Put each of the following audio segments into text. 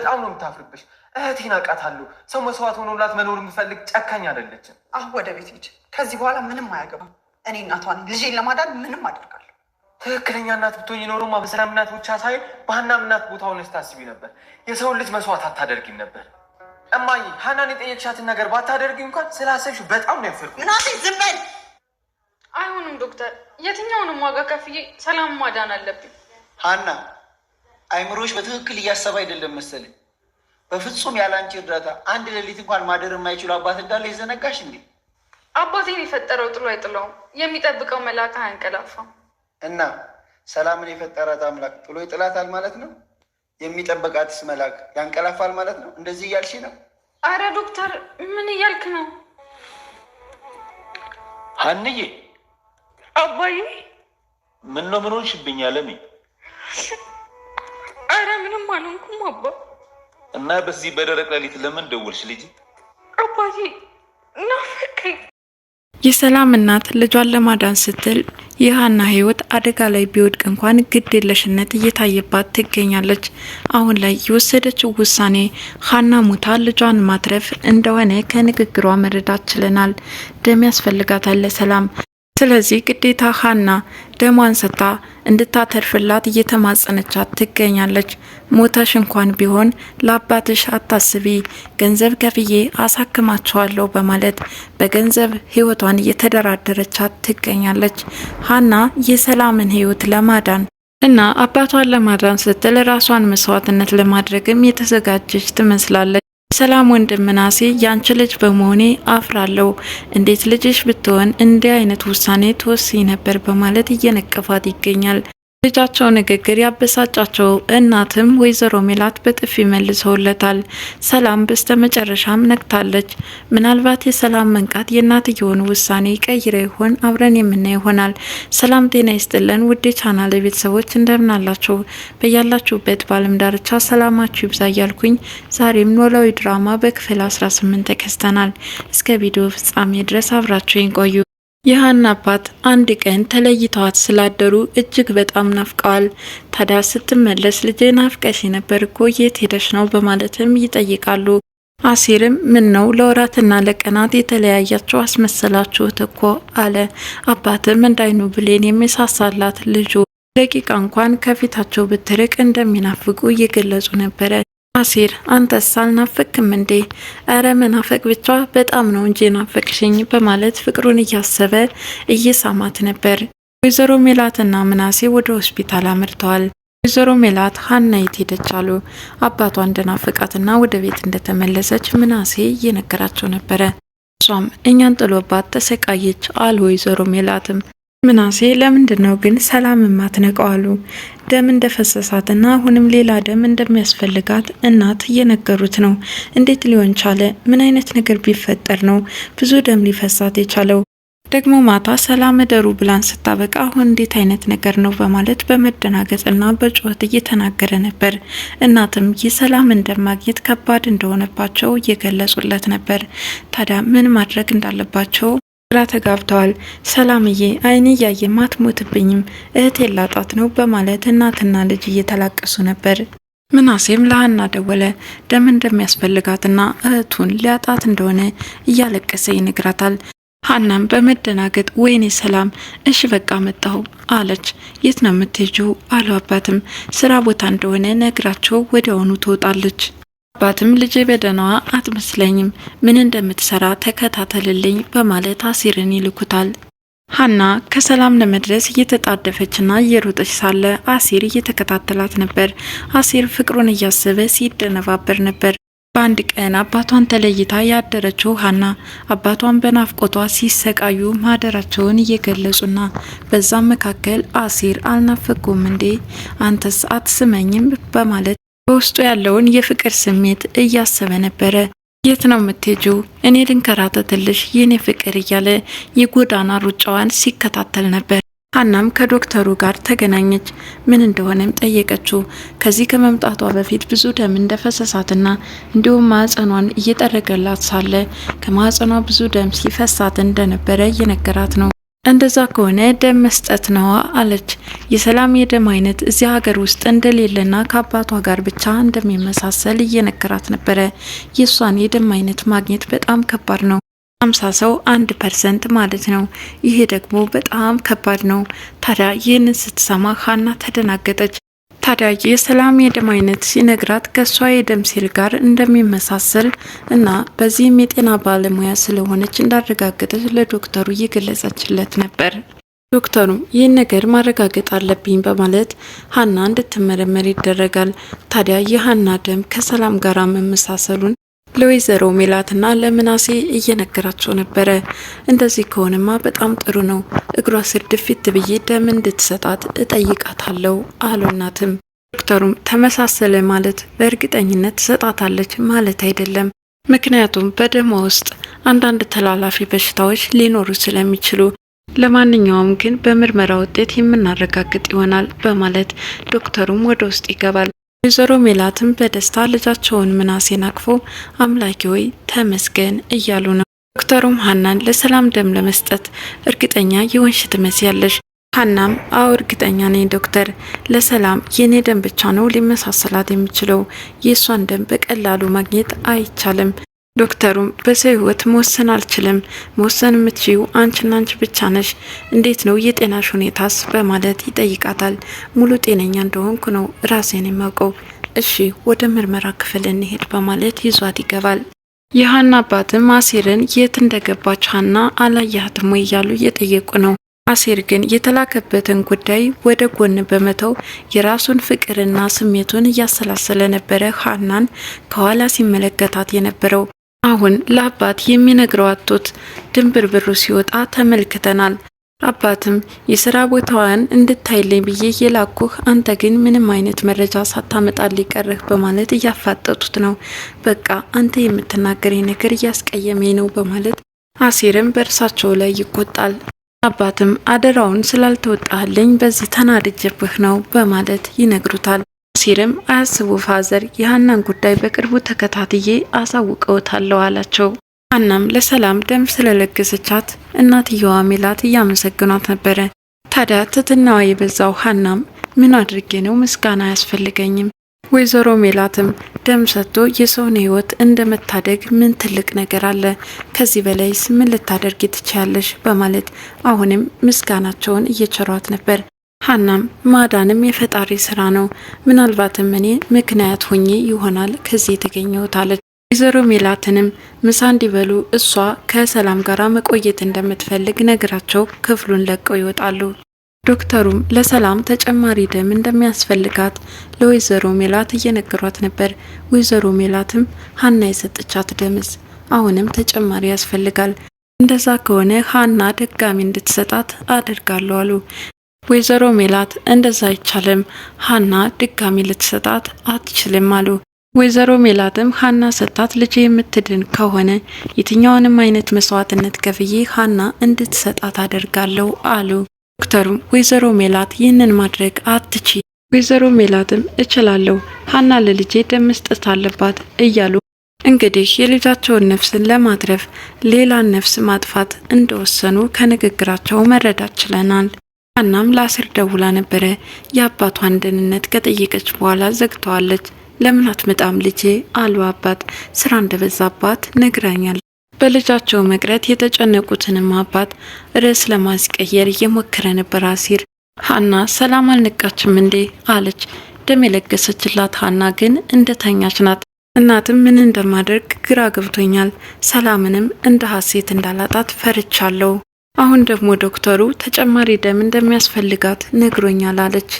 በጣም ነው የምታፍርብሽ። እህቴን አውቃታለሁ። ሰው መስዋዕት ሆኖላት መኖር የምፈልግ ጨካኝ አይደለችም። አሁን ወደ ቤት ሂድ። ከዚህ በኋላ ምንም አያገባም። እኔ እናቷን ነኝ። ልጄን ለማዳን ምንም አደርጋለሁ። ትክክለኛ እናት ብትሆኝ ኖሮማ በሰላም እናት ብቻ ሳይሆን በሀናም እናት ቦታውን ታስቢ ነበር። የሰውን ልጅ መስዋዕት አታደርጊም ነበር። እማዬ ሀናን የጠየቅሻትን ነገር ባታደርጊ እንኳን ስላሰብሽ በጣም ነው ያፈርኩ። ምናሴ ዝም በል። አይሆንም ዶክተር፣ የትኛውንም ዋጋ ከፍዬ ሰላም ማዳን አለብኝ። ሀና አይምሮች በትክክል እያሰበ አይደለም መሰለኝ። በፍጹም ያላንቺ እርዳታ አንድ ሌሊት እንኳን ማደር የማይችሉ አባት እንዳለ የዘነጋሽ እንዴ? አባቴን የፈጠረው ጥሎ አይጥለውም፣ የሚጠብቀው መልአክ አያንቀላፋም። እና ሰላምን የፈጠራት አምላክ ጥሎ ይጥላታል ማለት ነው? የሚጠበቃትስ መልአክ ያንቀላፋል ማለት ነው? እንደዚህ እያልሽ ነው? አረ ዶክተር፣ ምን እያልክ ነው? ሀንዬ፣ አባዬ፣ ምን ነው ምን ሆንሽብኝ? አለሜ ምንም አልሆንኩም አባ። እና በዚህ በደረቅ ሌሊት ለምን ደወልሽ ልጅ? አባቴ ናፈቀኝ። የሰላም እናት ልጇን ለማዳን ስትል የሀና ህይወት አደጋ ላይ ቢወድቅ እንኳን ግድ የለሽነት እየታየባት ትገኛለች። አሁን ላይ የወሰደችው ውሳኔ ሀና ሙታ ልጇን ማትረፍ እንደሆነ ከንግግሯ መረዳት ችለናል። ደም ያስፈልጋታል ለሰላም ስለዚህ ግዴታ ሀና ደሟን ስታ እንድታተርፍላት እየተማጸነቻት ትገኛለች። ሞተሽ እንኳን ቢሆን ለአባትሽ አታስቢ፣ ገንዘብ ከፍዬ አሳክማቸዋለሁ በማለት በገንዘብ ህይወቷን እየተደራደረቻት ትገኛለች። ሀና የሰላምን ህይወት ለማዳን እና አባቷን ለማዳን ስትል ራሷን መስዋዕትነት ለማድረግም የተዘጋጀች ትመስላለች። ሰላም ወንድም ምናሴ ያንቺ ልጅ በመሆኔ አፍራለሁ። እንዴት ልጅሽ ብትሆን እንዲህ አይነት ውሳኔ ትወስኝ ነበር በማለት እየነቀፋት ይገኛል። ልጃቸው ንግግር ያበሳጫቸው እናትም ወይዘሮ ሜላት በጥፊ መልሰውለታል። ሰላም በስተመጨረሻም ነቅታለች። ምናልባት የሰላም መንቃት የእናትየውን ውሳኔ ቀይረ ይሆን? አብረን የምናይ ይሆናል። ሰላም ጤና ይስጥልን ውድ የቻናል ቤተሰቦች እንደምናላቸው በያላችሁበት በአለም ዳርቻ ሰላማችሁ ይብዛ እያልኩኝ ዛሬም ኖላዊ ድራማ በክፍል 18 ተከስተናል። እስከ ቪዲዮ ፍጻሜ ድረስ አብራችሁ ቆዩ። የሀና አባት አንድ ቀን ተለይተዋት ስላደሩ እጅግ በጣም ናፍቀዋል። ታዲያ ስትመለስ ልጄ ናፍቀሽ ነበር እኮ የት ሄደሽ ነው በማለትም ይጠይቃሉ። አሲርም ምን ነው ለወራትና ለቀናት የተለያያቸው አስመሰላችሁት እኮ አለ። አባትም እንዳይኑ ብሌን የሚሳሳላት ልጁ ደቂቃ እንኳን ከፊታቸው ብትርቅ እንደሚናፍቁ እየገለጹ ነበረ። አሲር አንተስ አልናፈቅክም እንዴ? እረ መናፈቅ ብቻ በጣም ነው እንጂ ናፈቅሽኝ በማለት ፍቅሩን እያሰበ እየሳማት ነበር። ወይዘሮ ሜላትና ምናሴ ወደ ሆስፒታል አምርተዋል። ወይዘሮ ሜላት ሀና የት ሄደች አሉ። አባቷ እንደናፈቃትና ወደ ቤት እንደተመለሰች ምናሴ እየነገራቸው ነበረ። እሷም እኛን ጥሎባት ተሰቃየች አሉ ወይዘሮ ሜላትም ምናሴ ለምንድን ነው ግን ሰላም የማትነቀው አሉ። ደም እና አሁንም ሌላ ደም እንደሚያስፈልጋት እናት እየነገሩት ነው። እንዴት ሊሆን ቻለ? ምን አይነት ነገር ቢፈጠር ነው ብዙ ደም ሊፈሳት የቻለው? ደግሞ ማታ ሰላም እደሩ ብላን ስታበቃ አሁን እንዴት አይነት ነገር ነው በማለት በመደናገጥና በጩኸት እየተናገረ ነበር። እናትም የሰላም እንደማግኘት ከባድ እንደሆነባቸው እየገለጹለት ነበር። ታዲያ ምን ማድረግ እንዳለባቸው ግራ ተጋብተዋል። ሰላምዬ አይኔ እያየ ማትሞትብኝም እህቴን ላጣት ነው በማለት እናትና ልጅ እየተላቀሱ ነበር። ምናሴም ለሀና ደወለ። ደም እንደሚያስፈልጋትና እህቱን ሊያጣት እንደሆነ እያለቀሰ ይነግራታል። ሀናም በመደናገጥ ወይኔ ሰላም፣ እሺ በቃ መጣሁ አለች። የት ነው የምትጁ አሉ አባትም ስራ ቦታ እንደሆነ ነግራቸው ወዲያውኑ ትወጣለች። አባትም ልጄ በደህናዋ አትመስለኝም፣ ምን እንደምትሰራ ተከታተልልኝ በማለት አሲርን ይልኩታል። ሀና ከሰላም ለመድረስ እየተጣደፈችና እየሮጠች ሳለ አሲር እየተከታተላት ነበር። አሲር ፍቅሩን እያሰበ ሲደነባበር ነበር። በአንድ ቀን አባቷን ተለይታ ያደረችው ሀና አባቷን በናፍቆቷ ሲሰቃዩ ማደራቸውን እየገለጹና በዛም መካከል አሲር አልናፈቁም እንዴ አንተስ አትስመኝም በማለት በውስጡ ያለውን የፍቅር ስሜት እያሰበ ነበረ። የት ነው የምትሄጂው? እኔ ልንከራተትልሽ የኔ ፍቅር እያለ የጎዳና ሩጫዋን ሲከታተል ነበር። ሀናም ከዶክተሩ ጋር ተገናኘች። ምን እንደሆነም ጠየቀችው። ከዚህ ከመምጣቷ በፊት ብዙ ደም እንደፈሰሳትና እንዲሁም ማዕፀኗን እየጠረገላት ሳለ ከማዕፀኗ ብዙ ደም ሲፈሳት እንደነበረ እየነገራት ነው። እንደዛ ከሆነ ደም መስጠት ነዋ አለች። የሰላም የደም አይነት እዚያ ሀገር ውስጥ እንደሌለና ከአባቷ ጋር ብቻ እንደሚመሳሰል እየነገራት ነበረ። የእሷን የደም አይነት ማግኘት በጣም ከባድ ነው። አምሳ ሰው አንድ ፐርሰንት ማለት ነው። ይሄ ደግሞ በጣም ከባድ ነው። ታዲያ ይህንን ስትሰማ ሀና ተደናገጠች። ታዲያ የሰላም የደም አይነት ሲነግራት ከእሷ የደም ሴል ጋር እንደሚመሳሰል እና በዚህም የጤና ባለሙያ ስለሆነች እንዳረጋገጠች ለዶክተሩ እየገለጸችለት ነበር። ዶክተሩም ይህን ነገር ማረጋገጥ አለብኝ በማለት ሀና እንድትመረመር ይደረጋል። ታዲያ የሀና ደም ከሰላም ጋር መመሳሰሉን ለወይዘሮ ሜላትና ለምናሴ እየነገራቸው ነበረ። እንደዚህ ከሆነማ በጣም ጥሩ ነው፣ እግሯ ስር ድፊት ብዬ ደም እንድትሰጣት እጠይቃታለሁ አሉናትም። ዶክተሩም ተመሳሰለ ማለት በእርግጠኝነት ትሰጣታለች ማለት አይደለም። ምክንያቱም በደሟ ውስጥ አንዳንድ ተላላፊ በሽታዎች ሊኖሩ ስለሚችሉ ለማንኛውም ግን በምርመራ ውጤት የምናረጋግጥ ይሆናል በማለት ዶክተሩም ወደ ውስጥ ይገባል። ወይዘሮ ሜላትም በደስታ ልጃቸውን ምናሴን አቅፎ አምላኬ ሆይ ተመስገን እያሉ ነው። ዶክተሩም ሀናን ለሰላም ደም ለመስጠት እርግጠኛ የሆንሽ ትመስያለሽ። ሀናም አዎ እርግጠኛ ነኝ ዶክተር፣ ለሰላም የእኔ ደም ብቻ ነው ሊመሳሰላት የሚችለው የእሷን ደም በቀላሉ ማግኘት አይቻልም ዶክተሩም በሰው ህይወት መወሰን አልችልም፣ መወሰን የምትችይው አንቺና አንቺ ብቻ ነሽ፣ እንዴት ነው የጤናሽ ሁኔታስ? በማለት ይጠይቃታል። ሙሉ ጤነኛ እንደሆንኩ ነው ራሴን የማውቀው፣ እሺ ወደ ምርመራ ክፍል እንሄድ በማለት ይዟት ይገባል። የሀና አባትም አሴርን የት እንደገባች ሀና አላያትም ወይ እያሉ እየጠየቁ ነው። አሴር ግን የተላከበትን ጉዳይ ወደ ጎን በመተው የራሱን ፍቅርና ስሜቱን እያሰላሰለ ነበረ ሀናን ከኋላ ሲመለከታት የነበረው አሁን ለአባት የሚነግረው አጥቶት ድንብርብሩ ሲወጣ ተመልክተናል። አባትም የስራ ቦታዋን እንድታይልኝ ብዬ የላኩህ አንተ ግን ምንም አይነት መረጃ ሳታመጣ ሊቀርህ በማለት እያፋጠጡት ነው። በቃ አንተ የምትናገረኝ ነገር እያስቀየመኝ ነው በማለት አሲርም በእርሳቸው ላይ ይቆጣል። አባትም አደራውን ስላልተወጣህልኝ በዚህ ተናድጄብህ ነው በማለት ይነግሩታል። ሲርም አያስቡ ፋዘር፣ የሀናን ጉዳይ በቅርቡ ተከታትዬ አሳውቀውታለሁ አላቸው። ሀናም ለሰላም ደም ስለለገሰቻት እናትየዋ ሜላት እያመሰግኗት ነበረ። ታዲያ ትትናዋ የበዛው ሀናም ምን አድርጌ ነው ምስጋና አያስፈልገኝም። ወይዘሮ ሜላትም ደም ሰጥቶ የሰውን ሕይወት እንደ መታደግ ምን ትልቅ ነገር አለ? ከዚህ በላይስ ምን ልታደርግ ትችያለሽ? በማለት አሁንም ምስጋናቸውን እየቸሯት ነበር። ሀናም ማዳንም የፈጣሪ ስራ ነው፣ ምናልባትም እኔ ምክንያት ሆኜ ይሆናል ከዚህ የተገኘሁት አለች። ወይዘሮ ሜላትንም ምሳ እንዲበሉ እሷ ከሰላም ጋር መቆየት እንደምትፈልግ ነግራቸው ክፍሉን ለቀው ይወጣሉ። ዶክተሩም ለሰላም ተጨማሪ ደም እንደሚያስፈልጋት ለወይዘሮ ሜላት እየነገሯት ነበር። ወይዘሮ ሜላትም ሀና የሰጠቻት ደምስ አሁንም ተጨማሪ ያስፈልጋል፣ እንደዛ ከሆነ ሀና ደጋሚ እንድትሰጣት አደርጋለሁ አሉ። ወይዘሮ ሜላት እንደዛ አይቻልም፣ ሀና ድጋሚ ልትሰጣት አትችልም አሉ። ወይዘሮ ሜላትም ሀና ሰጣት ልጅ የምትድን ከሆነ የትኛውንም አይነት መስዋዕትነት ከፍዬ ሀና እንድትሰጣት አደርጋለሁ አሉ። ዶክተሩም ወይዘሮ ሜላት ይህንን ማድረግ አትቺ። ወይዘሮ ሜላትም እችላለሁ፣ ሀና ለልጄ ደም መስጠት አለባት እያሉ እንግዲህ የልጃቸውን ነፍስን ለማትረፍ ሌላን ነፍስ ማጥፋት እንደወሰኑ ከንግግራቸው መረዳት ችለናል። አናም ለአስር ደውላ ነበረ። የአባቷን ደህንነት ከጠየቀች በኋላ ዘግተዋለች። ለምን አትመጣም ልጄ አሉ አባት። ስራ እንደበዛባት ነግራኛለች። በልጃቸው መቅረት የተጨነቁትንም አባት ርዕስ ለማስቀየር እየሞከረ ነበር አሲር። ሀና ሰላም አልነቃችም እንዴ አለች። ደም የለገሰችላት ሀና ግን እንደተኛች ናት። እናትም ምን እንደማደርግ ግራ ገብቶኛል፣ ሰላምንም እንደ ሀሴት እንዳላጣት ፈርቻለሁ አሁን ደግሞ ዶክተሩ ተጨማሪ ደም እንደሚያስፈልጋት ነግሮኛል አለች።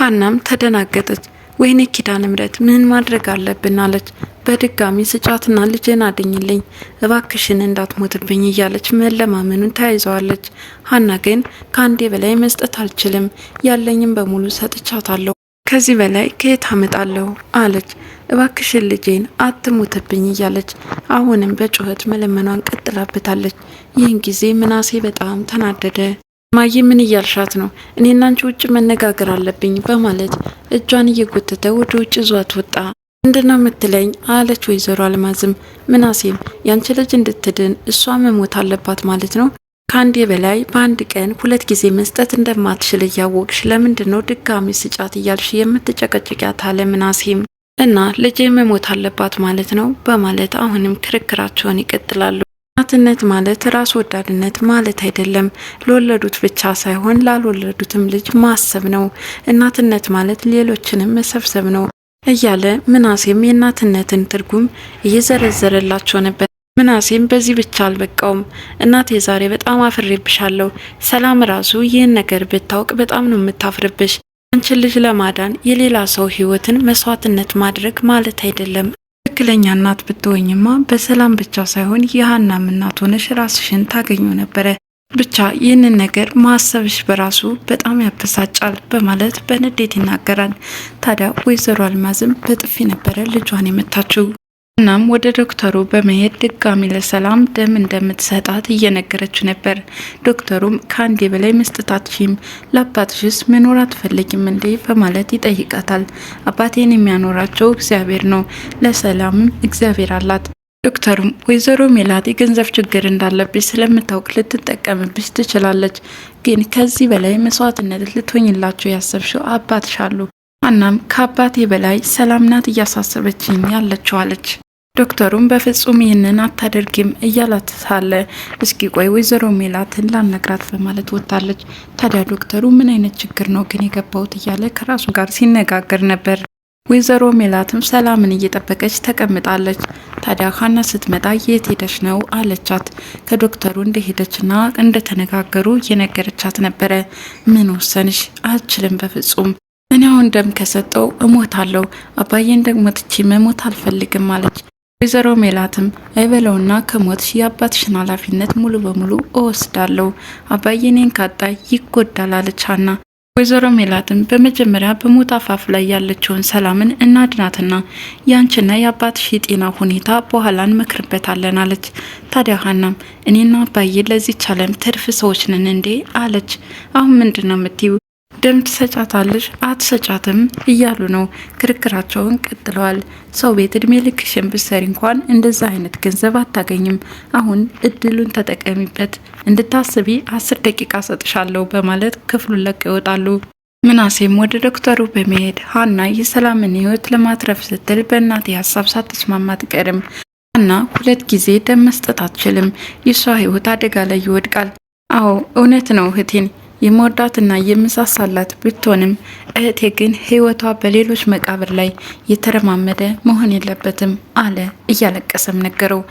ሀናም ተደናገጠች። ወይኔ ኪዳነ ምሕረት ምን ማድረግ አለብን አለች። በድጋሚ ስጫትና ልጄን አድኝልኝ እባክሽን እንዳትሞትብኝ እያለች መለማመኑን ተያይዘዋለች። ሀና ግን ከአንዴ በላይ መስጠት አልችልም፣ ያለኝም በሙሉ ሰጥቻታለሁ፣ ከዚህ በላይ ከየት አመጣለሁ አለች። እባክሽን ልጄን አትሙትብኝ እያለች አሁንም በጩኸት መለመኗን ቀጥላበታለች። ይህን ጊዜ ምናሴ በጣም ተናደደ። ማየ ምን እያልሻት ነው? እኔና አንቺ ውጭ መነጋገር አለብኝ በማለት እጇን እየጎተተ ወደ ውጭ ዟት ወጣ። ምንድነው የምትለኝ? አለች ወይዘሮ አልማዝም። ምናሴም ያንቺ ልጅ እንድትድን እሷ መሞት አለባት ማለት ነው? ከአንዴ በላይ በአንድ ቀን ሁለት ጊዜ መስጠት እንደማትችል እያወቅሽ ለምንድን ነው ድጋሚ ስጫት እያልሽ የምትጨቀጭቂያት? አለ ምናሴም። እና ልጄ መሞት አለባት ማለት ነው በማለት አሁንም ክርክራቸውን ይቀጥላሉ። እናትነት ማለት ራስ ወዳድነት ማለት አይደለም። ለወለዱት ብቻ ሳይሆን ላልወለዱትም ልጅ ማሰብ ነው። እናትነት ማለት ሌሎችንም መሰብሰብ ነው እያለ ምናሴም የእናትነትን ትርጉም እየዘረዘረላቸው ነበር። ምናሴም በዚህ ብቻ አልበቃውም። እናቴ ዛሬ በጣም አፍሬብሻለሁ፣ ሰላም ራሱ ይህን ነገር ብታውቅ በጣም ነው የምታፍርብሽ አንቺን ልጅ ለማዳን የሌላ ሰው ህይወትን መስዋዕትነት ማድረግ ማለት አይደለም። ትክክለኛ እናት ብትወኝማ በሰላም ብቻ ሳይሆን የሀናም እናት ሆነሽ ራስሽን ታገኙ ነበረ። ብቻ ይህንን ነገር ማሰብሽ በራሱ በጣም ያበሳጫል በማለት በንዴት ይናገራል። ታዲያ ወይዘሮ አልማዝም በጥፊ ነበረ ልጇን የመታችው። እናም ወደ ዶክተሩ በመሄድ ድጋሚ ለሰላም ደም እንደምትሰጣት እየነገረች ነበር። ዶክተሩም ከአንዴ በላይ መስጠት አትችም፣ ለአባትሽስ መኖር አትፈልጊም እንዴ በማለት ይጠይቃታል። አባቴን የሚያኖራቸው እግዚአብሔር ነው፣ ለሰላምም እግዚአብሔር አላት። ዶክተሩም ወይዘሮ ሜላት የገንዘብ ችግር እንዳለብሽ ስለምታውቅ ልትጠቀምብሽ ትችላለች፣ ግን ከዚህ በላይ መስዋዕትነት ልትሆኝላቸው ያሰብሽው አባትሽ አሉ። አናም ከአባቴ በላይ ሰላም ናት እያሳሰበችኝ ዶክተሩም በፍጹም ይህንን አታደርጊም እያላት ሳለ እስኪ ቆይ ወይዘሮ ሜላትን ላነግራት በማለት ወጣለች። ታዲያ ዶክተሩ ምን አይነት ችግር ነው ግን የገባውት እያለ ከራሱ ጋር ሲነጋገር ነበር። ወይዘሮ ሜላትም ሰላምን እየጠበቀች ተቀምጣለች። ታዲያ ሀና ስትመጣ የት ሄደች ነው አለቻት። ከዶክተሩ እንደሄደችና እንደተነጋገሩ እየነገረቻት ነበረ። ምን ወሰንሽ? አልችልም በፍጹም እኔ አሁን ደም ከሰጠው እሞታለሁ። አባዬን ደግሞ ትቼ መሞት አልፈልግም አለች። ወይዘሮ ሜላትም አይበለውና ከሞት የአባትሽን ኃላፊነት ሙሉ በሙሉ እወስዳለሁ አባዬ እኔን ካጣ ይጎዳል አለች ወይዘሮ ሜላትም በመጀመሪያ በሞት አፋፍ ላይ ያለችውን ሰላምን እናድናትና ያንቺና የአባትሽ የጤና ሁኔታ በኋላ እንመክርበታለን አለች። ታዲያ ሀናም እኔና አባዬ ለዚች ዓለም ትርፍ ሰዎች ነን እንዴ አለች። አሁን ምንድን ነው የምትይው? ደም ትሰጫታለሽ አትሰጫትም እያሉ ነው ክርክራቸውን ቀጥለዋል። ሰው ቤት እድሜ ልክሽን ብትሰሪ እንኳን እንደዛ አይነት ገንዘብ አታገኝም። አሁን እድሉን ተጠቀሚበት፣ እንድታስቢ አስር ደቂቃ ሰጥሻለሁ በማለት ክፍሉን ለቀው ይወጣሉ። ምናሴም ወደ ዶክተሩ በመሄድ ሀና የሰላምን ህይወት ለማትረፍ ስትል በእናቴ ሀሳብ ሳትስማማት ቀርም ሀና ሁለት ጊዜ ደም መስጠት አትችልም። የሷ ህይወት አደጋ ላይ ይወድቃል። አዎ እውነት ነው እህቴን የመወዳትና የምሳሳላት ብትሆንም እህቴ ግን ህይወቷ በሌሎች መቃብር ላይ የተረማመደ መሆን የለበትም አለ እያለቀሰም ነገረው።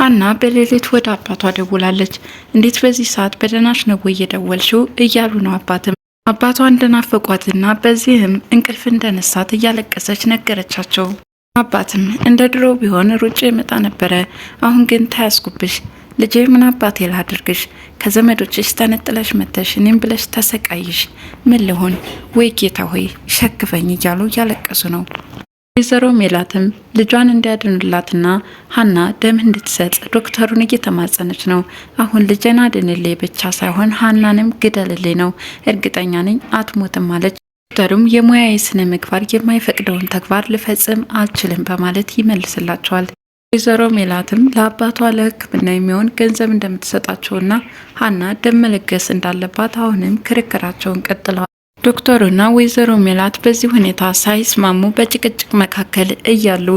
ሀና በሌሊት ወደ አባቷ ደውላለች። እንዴት በዚህ ሰዓት በደናሽ ነው እየደወልሽው እያሉ ነው አባትም አባቷ እንደናፈቋትና በዚህም እንቅልፍ እንደነሳት እያለቀሰች ነገረቻቸው። አባትም እንደ ድሮ ቢሆን ሩጬ መጣ ነበረ፣ አሁን ግን ተያዝኩብሽ ልጄ ምን አባቴ ላድርግሽ? ከዘመዶችሽ ተነጥለሽ መተሽ እኔም ብለሽ ተሰቃይሽ። ምን ልሆን ወይ ጌታ ሆይ ሸክፈኝ እያሉ እያለቀሱ ነው። ወይዘሮ ሜላትም ልጇን እንዲያድንላትና ሀና ደም እንድትሰጥ ዶክተሩን እየተማጸነች ነው። አሁን ልጄን አድንልኝ ብቻ ሳይሆን ሀናንም ግደልልኝ ነው፣ እርግጠኛ ነኝ አትሞትም አለች። ዶክተሩም የሙያዊ ስነ ምግባር የማይፈቅደውን ተግባር ልፈጽም አልችልም በማለት ይመልስላቸዋል። ወይዘሮ ሜላትም ለአባቷ ለሕክምና የሚሆን ገንዘብ እንደምትሰጣቸውና ሀና ደም መለገስ እንዳለባት አሁንም ክርክራቸውን ቀጥለዋል። ዶክተሩና ወይዘሮ ሜላት በዚህ ሁኔታ ሳይስማሙ በጭቅጭቅ መካከል እያሉ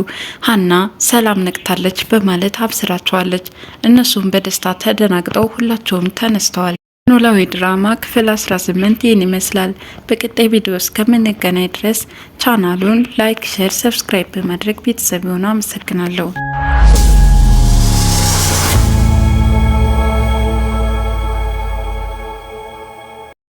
ሀና ሰላም ነቅታለች በማለት አብስራቸዋለች። እነሱም በደስታ ተደናግጠው ሁላቸውም ተነስተዋል። ኖላዊ ድራማ ክፍል 18 ይህን ይመስላል። በቀጣይ ቪዲዮ እስከምንገናኝ ድረስ ቻናሉን ላይክ፣ ሼር፣ ሰብስክራይብ በማድረግ ቤተሰብ ሆኑ። አመሰግናለሁ።